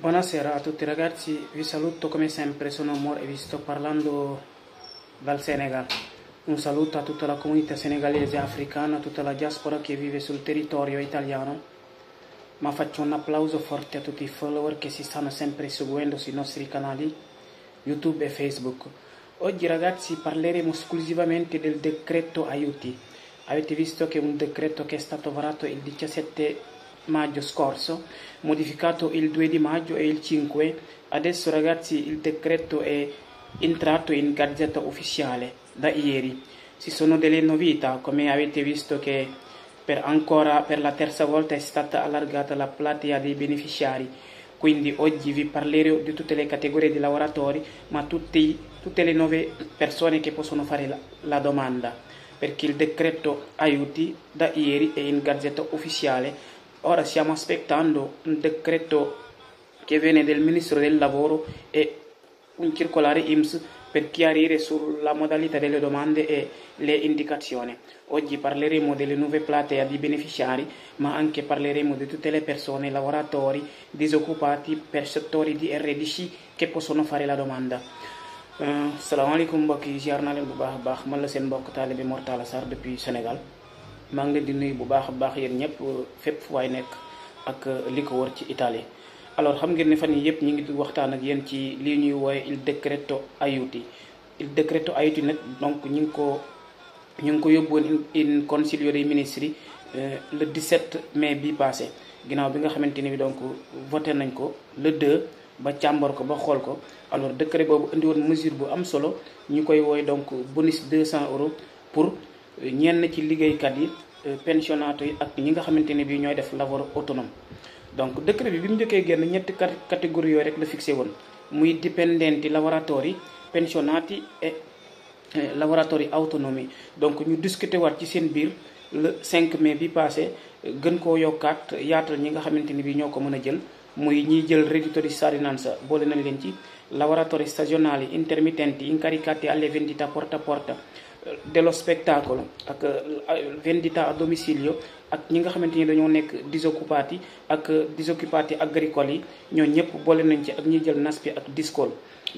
Buonasera a tutti ragazzi, vi saluto come sempre, sono Mor e vi sto parlando dal Senegal. Un saluto a tutta la comunità senegalese africana, a tutta la diaspora che vive sul territorio italiano, ma faccio un applauso forte a tutti i follower che si stanno sempre seguendo sui nostri canali YouTube e Facebook. Oggi ragazzi parleremo esclusivamente del decreto aiuti. Avete visto che è un decreto che è stato varato il 17 maggio scorso, modificato il 2 di maggio e il 5. Adesso ragazzi il decreto è entrato in gazzetta ufficiale da ieri. Ci sono delle novità, come avete visto che per ancora per la terza volta è stata allargata la platea dei beneficiari. Quindi oggi vi parlerò di tutte le categorie di lavoratori, ma tutti, tutte le nuove persone che possono fare la, la domanda perché il decreto aiuti da ieri è in gazzetta ufficiale Ora stiamo aspettando un decreto che viene del Ministro del Lavoro e un circolare IMSS per chiarire sulla modalità delle domande e le indicazioni. Oggi parleremo delle nuove platee di beneficiari, ma anche parleremo di tutte le persone, lavoratori, disoccupati per settori di RDC che possono fare la domanda. Eh, assalamu alaikum, mbokk yi ziar naa leen bu baax a baax maa ngi leen di nuyu bu baax a baax yéen ñëpp fépp fu waay nekk ak euh, li ko wër ci Italie alors xam ngeen ne fan yi yëpp ñu ngi di waxtaan ak yéen ci li ñuy wooye il decreto ayuti il decreto ayuti nag donc ñu ngi ko ñu ngi ko yóbbuwoon in consiglio dei ministri euh, le 17 mai bi passé ginnaaw bi nga xamante ni bi donc voté nañ ko le 2 ba càmbar ko ba xool ko alors décret boobu indi woon mesure bu am solo ñu koy woy donc bonus 200 euros pour ñenn ci liggéeykat yi euh, pensionnato yi ak ñi nga xamante ne bii ñooy def labor autonome donc décret bi bi mu njëkkee génn ñetti catégorie yooyu rek la fixé woon muy dipendenti lavoratori pensionati et euh, lavoratori autonomi donc ñu discuté war ci seen biir le 5 mai bi passé gën koo yokkaat yaatal ñi nga xamante ni bii ñoo ko mën a jël muy ñiy jël reddito di cittadinanza boole nañ leen ci lavoratori stagionali intermittenti incaricati alle vendite porte a porte dello spectacle ak euh, vendita a domicilio ak ñi nga xamante ni dañoo nekk disoccupati yi ak disoccupati agricole yi ñoo ñëpp boole nañ ci ak ñuy jël NASPI ak DISCOL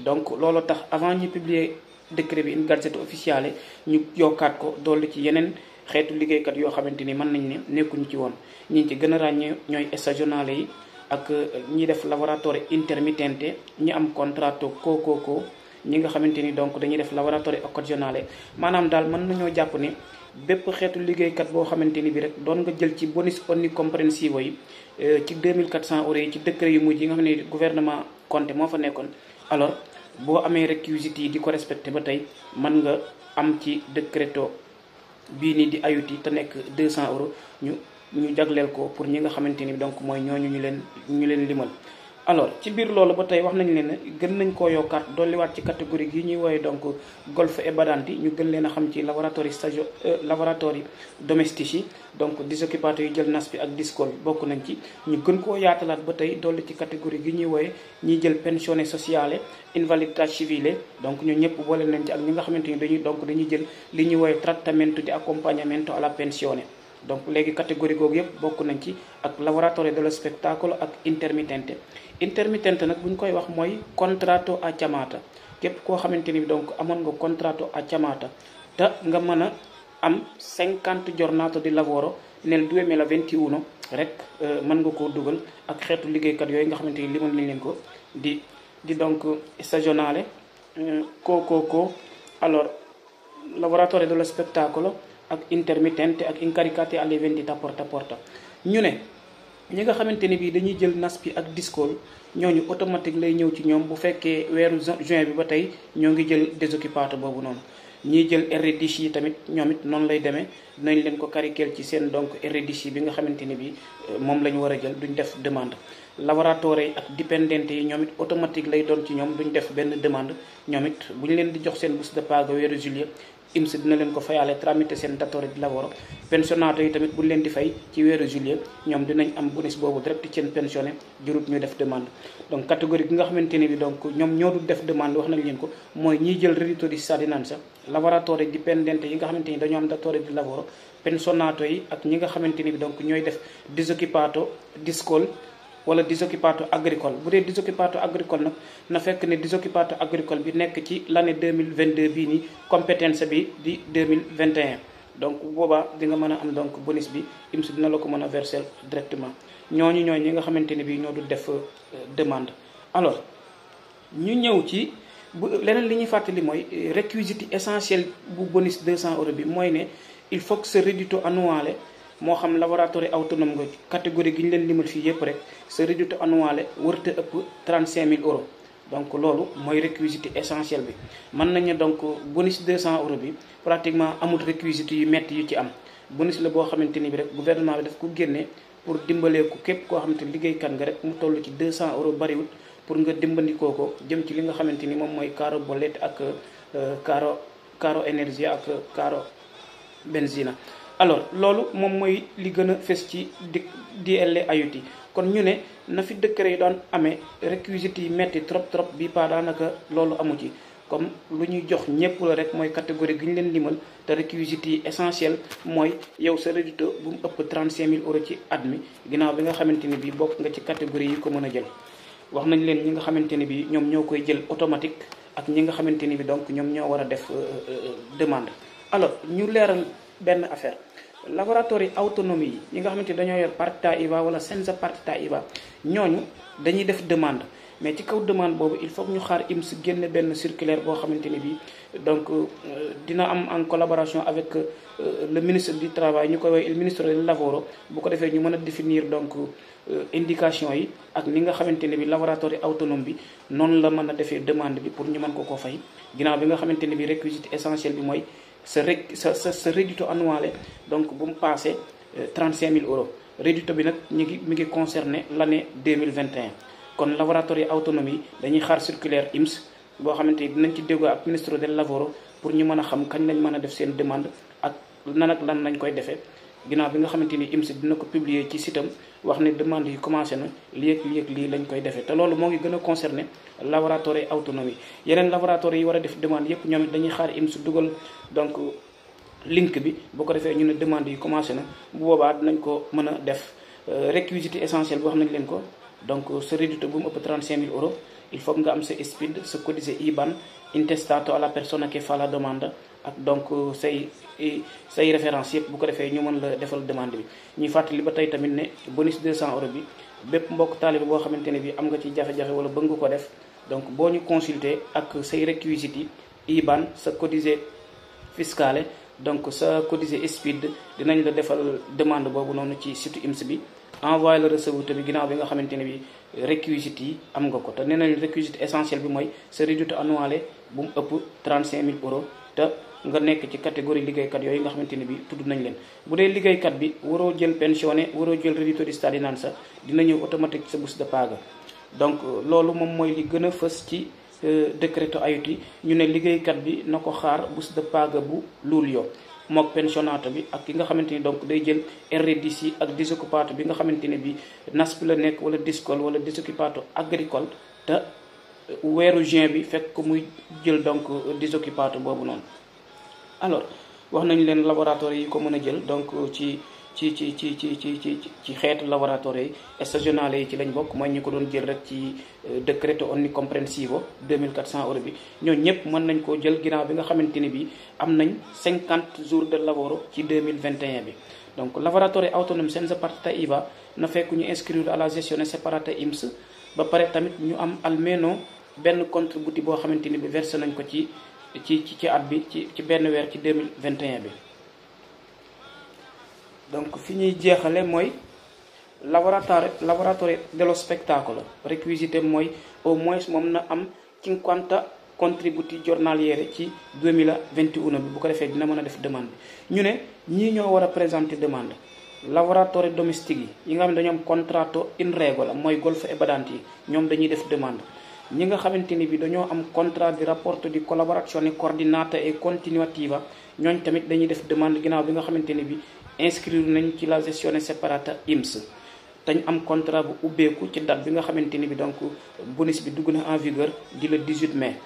donc looloo tax avant ñu publier décret bi une gazette officielle ñu yokkaat ko dolli ci yeneen xeetu liggéeykat yoo xamante ni mën nañ ne nekkuñu ci woon ñi ci gën a ràññee ñooy stagionale yi ak euh, ñi def lavoratore intermittente ñi am contratto co ñi nga xamante ni donc dañuy def laboratoire occasionnel maanaam daal mën nañoo jàpp ne bépp xeetu liggéeykat boo xamante ni bi rek doon nga jël ci bonus omnicomprensivo yi euh, ci 2400 euros yi ci décret yu mujj yi nga xam ne gouvernement Conté moo fa nekkoon alors boo amee réquisites yi di ko respecté ba tey man nga am ci décréto bii nii di ayuti te nekk 200 euros ñu ñu jagleel ko pour ñi nga xamante ni bi donc mooy ñooñu ñu leen ñu leen limal alors ci biir loolu ba tey wax nañu leen ne gën nañ koo yokkaat dolliwaat ci catégorie gi ñuy woyee donc golf et badanti ñu gën leen a xam ci laboratoire stage euh, laboratoire yi domestique yi donc disoccupateur yu jël nas bi ak disco bi bokk nañ ci ñu gën koo yaatalaat ba tey dolli ci catégorie gi ñuy woowee ñuy jël pensionné sociale invalidité civile donc ñun ñëpp boole nañ ci ak ñi nga xamante ni dañuy donc dañuy jël li ñuy woowee traitamento di accompagnamento à la pensione donc léegi catégorie googu yëpp bokk nañ ci ak laboratorio dello spettacolo ak intermittente intermittente nag bu ñu koy wax mooy contratto a chiamata képp koo xamante ni donc amoon nga contratto a chiamata te nga mën a am 50 giornate di lavoro nel 2021 rek euh, mën nga koo dugal ak xeetu liggéeykat yooyu nga xamante ni limoon nañ leen ko di di donc stagionale euh, ko ko ko alors laboratorio dello spettacolo ak intermittente ak incaricate alle di porta porta ñu ne ñi nga xamante ni bii dañuy jël nas bi ak discool ñooñu automatique lay ñëw ci ñoom bu fekkee weeru juin bi ba tey ñoo ngi jël désoccupato boobu noonu ñiy jël RDC yi tamit ñoom it noonu lay demee dinañ leen ko caricel ci seen donc RDC bi nga xamante ni bii euh, moom la ñu war a jël duñ def demande laboratoire yi ak dépendante yi ñoom it automatique lay doon ci ñoom duñ def benn demande ñoom it bu ñu leen di jox seen bourse de paga weeru juillet IMSS dina leen ko fayaale tramité seen datore di lavoro pensionnato yi tamit bu ñu leen di fay ci weeru juillet ñoom dinañ am bonus boobu direct ci seen pensionné jurut ñu def demande donc catégorie bi nga xamante ne bi donc ñoo du def demande wax nañ leen ko mooy ñiy jël reddito di cittadinanza lavoratori dipendenti yi nga xamante ni dañoo am datore di lavoro pensionnato yi ak ñi nga xamante ni bi donc ñooy def disoccupato discol wala disoccupato agricole bu dee disoccupato agricole nag na fekk ne disoccupato agricole bi nekk ci l'année 2022 bii nii compétence bi di 2021 donc boobaa di nga am donc bonus bi IMSS dina la ko verser directement ñooñu ñooñu ñi nga xamante ne bi ñoo def euh, demande alors ñu ñëw ci bu leneen li ñuy fàttali mooy euh, requisite essentiel bu bonus 200 euros bi mooy il faut que réduit reddito annuel. moo xam laboratoire autonome nga catégorie gi ñu leen limal fii yëpp rek sa résultat annuel wërta ëpp 35000 euros donc loolu mooy réquisite essentielle bi mën nañu donc bonus 200 euros bi pratiquement amul réquisite yu métti yu ci am bonus la boo xamante ni bi rek gouvernement bi daf ko génne pour dimbalee ko képp koo xamante ni liggéeykat nga rek mu toll ci 200 euros bariwul pour nga dimbandikoo ko jëm ci li nga xamante ni moom mooy caro bolet ak caro euh, caro énergie ak euh, caro benzina alors loolu moom mooy li gën a fes ci di DLA IoT kon ñu ne na fi décret yi daan amee réquisites yi metti trop trop bi pas daanaka loolu amu ci comme lu ñuy jox ñëpp la rek mooy catégorie gi ñu leen limal te réquisites yi essentiel mooy yow sa rédito bu mu ëpp mille euros ci at mi ginnaaw bi nga xamante ni bii bokk nga ci catégorie yi ko mën a jël wax nañ leen ñi nga xamante ni bii ñoom ñoo koy jël automatique ak ñi nga xamante ni bii donc ñoom ñoo war a def euh, euh, euh, demande alors ñu leeral benn affaire laboratoire autonomie yi nga xamante dañoo yor partita IVA wala senza partita IVA ñooñu dañuy def demande mais ci kaw demande boobu il faut que ñu xaar IMS génne benn circulaire boo xamante ni bii donc euh, dina am en collaboration avec euh, le ministre du travail ñu koy le ministre du lavoro bu ko defee ñu mën a définir donc euh, indication yi ak ni nga xamante bi laboratoire autonome bi noonu la mën a defee demande bi pour ñu mën ko koo fay ginnaaw bi nga xamante ne bi réquisite essentiel bi mooy sa ré sa sa sa reddito annuel donc bu mu passé 35000 euro reddito bi nag ñu ngi mi ngi concerné mille vingt 2021 kon laboratoire autonomie dañuy xaar circulaire IMS boo xamante ni dinañ ci déggoo ak ministre del lavoro pour ñu mën a xam kañ lañ mën a def seen demande ak nan ak lan lañ koy defee ginaaw bi nga xamante ni IMSI dina ko publier ci sitam wax ne demande yi commencé na lii ak lii ak lii lañ koy defee te loolu moo ngi gën a concerné laboratoire yi autonomie yeneen laboratoire yi war a def demande yépp ñoom dañuy xaar IMSI dugal donc link bi bu ko defee ñu ne demande yi commencé na bu boobaa dinañ ko mën a def euh, réquisite essentielle bi wax nañ leen ko donc sa réduite bu mu ëpp 35000 euros il faut nga am speed ce sa codice IBAN intestato à la personne qui fait la demande ak donc c'est euh, c'est euh, référence yëpp bu ko nous ñu mën la defal demande bi ñuy fàttali ba tey bonus 200 euros bi bépp mbok taalibe bo xamante bi am nga ci jafe-jafe wala bëng ko def donc boñu consulter ak say requisites IBAN sa codice fiscale donc sa codice speed dinañ la défal demande bobu nonu ci site IMS bi envoyé la receveur bi ginnaaw bi nga xamante ne bi réquisite yi am nga ko te nee nañ réquisite essentiel bi mooy sa réduite annuelle bu mu ëpp 35000 euros te nga nekk ci catégorie liggéeykat yooyu nga xamante ne bi tudd nañ leen bu dee liggéeykat bi waroo jël pensionné waroo jël réducteur di stade naan sa dina ñëw automatique sa bourse de paaga donc loolu moom mooy li gën a fës ci euh, décréto ayut yi ñu ne liggéeykat bi na ko xaar bourse de paaga bu luul yo mook pensionnat bi ak ki nga xamante ni donc day jël REDC ak désoccupato bi nga xamante ne bi la nekk wala DISCOL wala désoccupato agricole te weeru juin bi fekk ko muy jël donc désoccupato boobu noonu alors wax nañu leen laboratoire yi ko mën a jël donc ci ci ci ci ci ci ci ci xeetu laboratoire yi stagionale yi ci lañ bokk mooy ñu ko doon jël rek ci euh, decreto omnicomprensivo 2400 euro bi ñoo ñëpp mën nañ koo jël ginnaaw bi nga xamante ni bi am nañ 50 jours de lavoro ci vingt 2021 bi donc autonom autonomo senza partita IVA na fekk ñu inscrire alla gestione separata INPS ba pare tamit ñu am almeno benn contre contributi boo xamante ni bi verse nañ ko ci ci ci at bi ci ci benn weer ci 2021 bi donc fini ñuy jeexale le laboratoire de dello spectacle. requisité moi au moins moom na am 50 contributi giornaliere ci 2021 bi bu ko defee dina mën def demande ñu ne ñii demande laboratoire domestique yi yi nga xam ne am in regola golf et badanti nous de dañuy def demande ñi nga xamante bi dañoo am contrat di rapport de collaborazione coordinata et continuativa Nous tamit dañuy def demande nous bi nga xamante inscrire nañ ci la gestion séparata IMS tañ am contrat bu ubéku ci date bi nga xamanteni bi donc bonus bi dugg na en vigueur di le 18 mai.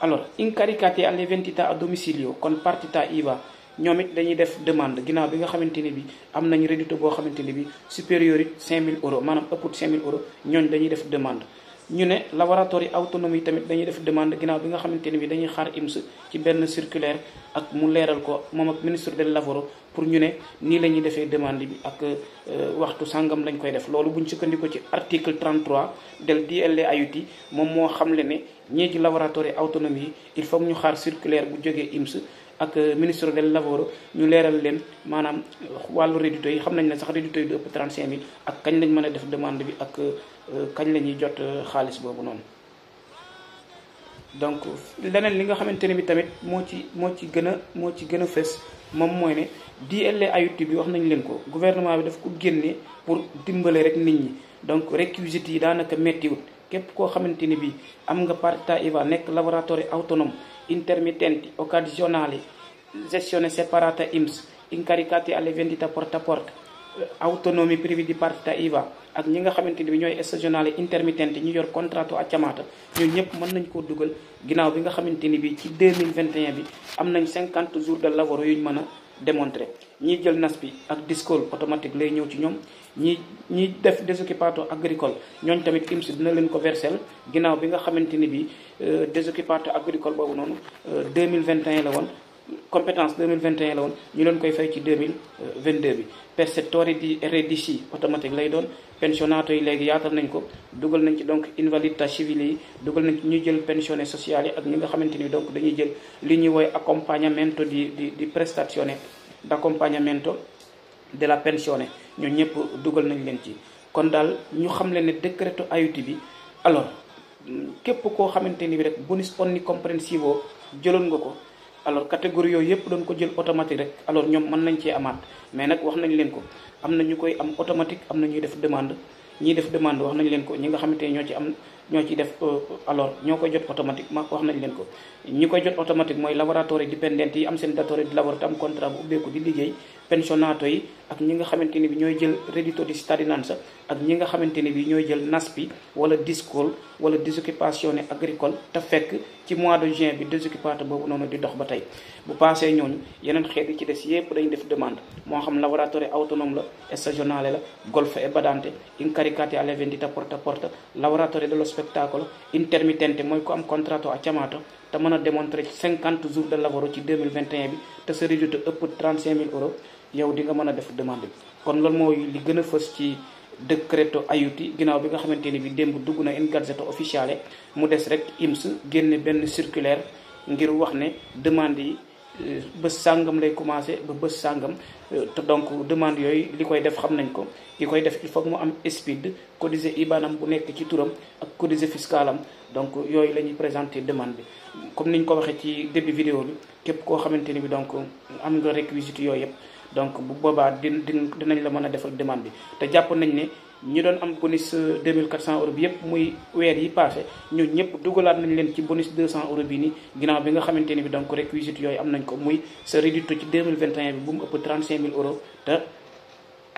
alors incaricati à vendita à domicilio kon partita IVA ñoom it dañuy def demande ginaaw bi nga xamanteni bi am nañ reddito bo xamanteni bi supérieur 5000 euros manam ëpput 5000 euros ñooñu dañuy def demande. ñu ne laboratoire yi autonomie tamit dañuy def demande ginnaaw bi nga xamante ni bi dañuy xaar IMS ci benn circulaire ak mu leeral ko moom ak ministre de laboro pour ñu ne nii la ñuy defee demande bi ak euh, waxtu sàngam lañ koy def loolu bu buñ sukkandiku ci article 33 del DLAUT moom moo xamle ne ñii ci laboratoire yi autonomie il faut ñu xaar circulaire bu jógee IMS ak euh, ministre del lavoro ñu leeral leen maanaam wàllu rédito yi xam nañ ne sax rédito yi du ëpp 35000 ak kañ lañ mën a def demande bi ak euh, kañ la ñuy jot euh, xaalis boobu noonu donc leneen li nga xamante ne bi tamit moo ci moo ci gën a moo ci gën a fës moom mooy ne DLA AUD bi wax nañ leen ko guvernement bi daf ko génne pour dimbale rek nit ñi donc réquisites yi daanaka méttiwut képp koo xamante ni bi am nga partita IVA nekk laboratoire autonome intermittenti, occasionali, gestione separata IMS, incaricati alle vendite porte a porte, eh, autonomie privée di partita IVA ak ñi nga xamante ni bi ñooy stagionale intermittente ñu yor contrat ak Camata ñun ñëpp mën nañ koo dugal ginnaaw bi nga xamante ni bi ci 2021 bi am nañ 50 jours de lavoro yu ñu mën a démontrer ñiy jël nas bi ak discol automatique lay ñëw ci ñoom ñi ñiy def désoccupation agricole ñooñ tamit IMSS dina leen ko versel ginnaaw bi nga xamante ni bi euh, désoccupation agricole boobu noonu 2021 euh, la woon compétence 2021 la woon ñu leen koy fay ci 2022 bi perceptori di RDC automatique lay doon pensionnato yi léegi yaatal nañ ko dugal nañ ci donc invalidité civile yi dugal nañ ci jël pensionné sociale yi ak ñi nga xamante ni donc dañuy jël li ñuy woy accompagnamento di di di prestazione d'accompagnamento de la pensione ñoo ñëpp dugal nañ leen ci kon daal ñu xam leen ne decreto aiuti bi alors képp koo xamante ni bi rek bonus onnicomprensivo jëloon nga ko alors catégorie yooyu yëpp doon ko jël automatique rek alors ñoom mën nañ cee amaat mais nag wax nañ leen ko am na ñu koy am automatique am na ñuy def demande ñuy def demande wax nañ leen ko ñi nga xamante ne ñoo ci am ñoo ci def euh, alors ñoo koy jot automatiquement wax nañ leen ko ñi koy jot automatique mooy laboratoire dépendant yi am seen laboratoire di laboratoire am contrat bu ubbeeku di liggéey pensionato yi ak ñi nga xamante ni bi ñooy jël reddito di cittadinanza ak ñi nga xamante ni bi ñooy jël NASPI wala DISCOL wala disoccupazione agricola te fekk ci mois de juin bi disoccupato boobu noonu di dox ba tey bu passé ñooñu yeneen xeet ci des yépp dañu def demande moo xam lavoratore autonomo la stagionale la golfo e badante incaricati alle vendite porta a porta lavoratore dello spettacolo intermittente mooy ko am contratto a chiamato te mën jours de lavoro ci 2021 bi te sa reddito ëpp 35000 euros yow di nga mën a def demande bi kon loolu mooy li gën a fës ci décréto ayuti ginnaaw bi nga xamante ni bi démb dugg na in gazzetta ufficiale mu des rek IMS génne benn circulaire ngir wax ne demande yi euh, bës sàngam lay commencé ba bés sàngam euh, te donc demande yooyu li koy def xam nañ ko ki koy def il faut mu am SPID cotisé ibaanam bu nekk ci turam ak cotisé fiscalam donc yooyu la ñuy présenté demande bi comme niñ ko waxee ci début vidéo bi képp koo xamante ni bi donc am nga réquisite yooyu yëpp donc bu boobaa di dinañ la mën a defal demande bi te jàpp nañ ne ñi doon am bonus 2400 euros bi yëpp muy weer yi passé ñoo ñëpp dugalaat nañ leen ci bonus 200 euros bi nii ginnaaw bi nga xamante ni bi donc réquisite yooyu am nañ ko muy sa réduite ci 2021 bi bu mu ëpp 35000 euros te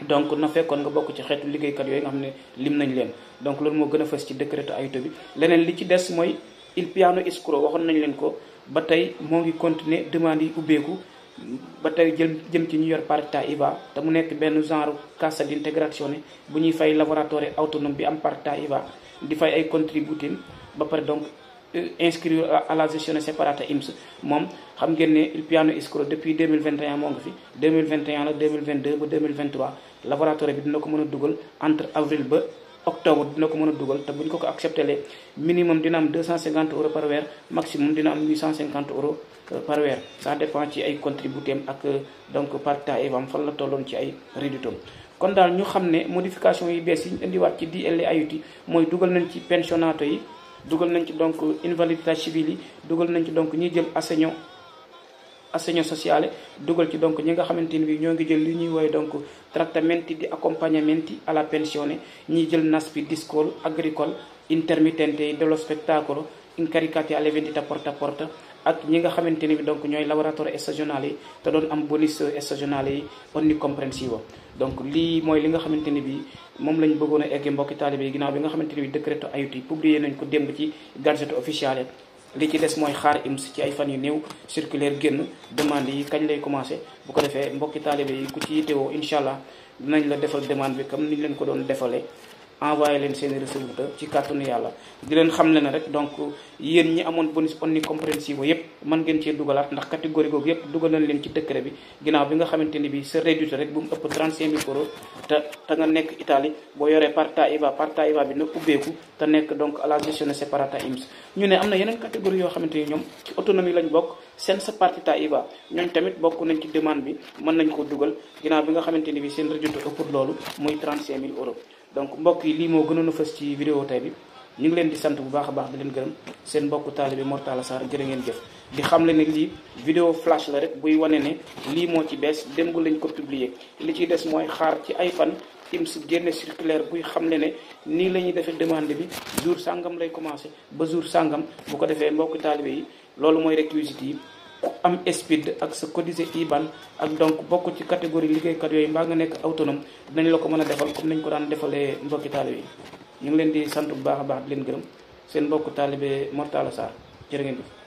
donc na fekkoon nga bokk ci xeetu liggéeykat yooyu xam ne lim nañ leen donc loolu moo gën a fës ci décret ayuto bi leneen li ci des mooy il piano escroc waxoon nañ leen ko ba tey moo ngi continuer demande yi ubbeeku ba tey jëm jëm ci ñu yor partita IVA te mu nekk benn genre cassa d'integrazione bu ñuy fay laboratoire autonome bi am partita IVA di fay ay contributing ba pare donc euh, inscrire à la gestione separata INPS moom xam ngeen ne il piano ISCRO depuis 2021 moo ngi fi 2021 la laboratoire bi dina ko mën a dugal entre avril ba octobre dina ko mën a dugal te bu ñu ko ko accepté le minimum dina am 250 euros par weer maximum dina am 850 euros euh, par weer ça dépend ci ay contributé am ak euh, donc par temps evam fan la tolloon ci ay réditom kon daal ñu xam ne modification yi bees yi ñu indiwaat ci DLA ayuti mooy dugal nañ ci pensionnato yi dugal nañ ci donc invalidité civile yi dugal nañ ci donc ñiy jël assainissement assegno sociale dugal ci donc ñi nga xamante ni bi ñoo ngi jël li ñuy woowee donc trattamenti di accompagnamenti alla pensione ñiy jël NASPI discol agricole intermittente dello spettacolo incaricati alle vendite porta porta ak ñi nga xamante ni bi donc ñooy laboratoire stagionale yi te doon am bonus stagionale yi onnicomprensivo donc lii mooy li nga xamante ni bi moom lañ bëggoon a egg mbokki taalibe yi bi nga xamante ni bi décréto aiuti publié nañ ko démb ci gazette li ci des mooy xaar IMS ci ay fan yu néew circulaire génn demande yi kañ lay commencé bu ko defee mbokki taalibe yi ku ci yittewoo incha allah dinañ la defal demande bi comme ni leen ko doon defalee envoyé leen seeni receveur ci kàttanu yàlla di leen xam le ne rek donc yéen ñi amoon bonus omnicomprensivo yépp mën ngeen cee dugalaat ndax catégorie googu yépp dugal nañ leen ci décret bi ginnaaw bi nga xamante ni bi sa réduite rek bu mu ëpp 35000 euros te te nga nekk Italie boo yoree parta IVA parta IVA bi na ubbeeku te nekk donc à la gestione separata IMS ñu ne am na yeneen catégorie yoo xamante ni ñoom ci autonomie lañ bokk seen sa partita IVA ñooñ tamit bokk nañ ci demande bi mën nañ ko dugal ginnaaw bi xamante ni bi seen réduite ëpp loolu muy 35000 euros donc mbokk yi lii moo gënoon a fës ci vidéo tey bi ñu ngi leen di sant bu baax a baax di leen gërëm seen mbokku taalibe Mor Talla Sarr jërë ngeen jëf di xam le ne lii vidéo flash la rek buy wane ne lii moo ci bees démb lañ ko publier li ciy des mooy xaar ci ay fan IMS génne circulaire buy xam le ne nii la ñuy defee demande bi jour sàngam lay commencé ba jour sàngam bu ko defee mbokku taalibe yi loolu mooy réquisite yi am SPID ak sa cotisé IBAN ak donc bokk ci catégorie liggéeykat yooyu mbaa nga nekk autonome dinañ la ko mën a defal comme nañ ko daan defalee mbokki taalibe yi ñu ngi leen di sant bu baax a baax di leen gërëm seen mbokk taalibe Mor Talla Sarr jërë ngeen jëf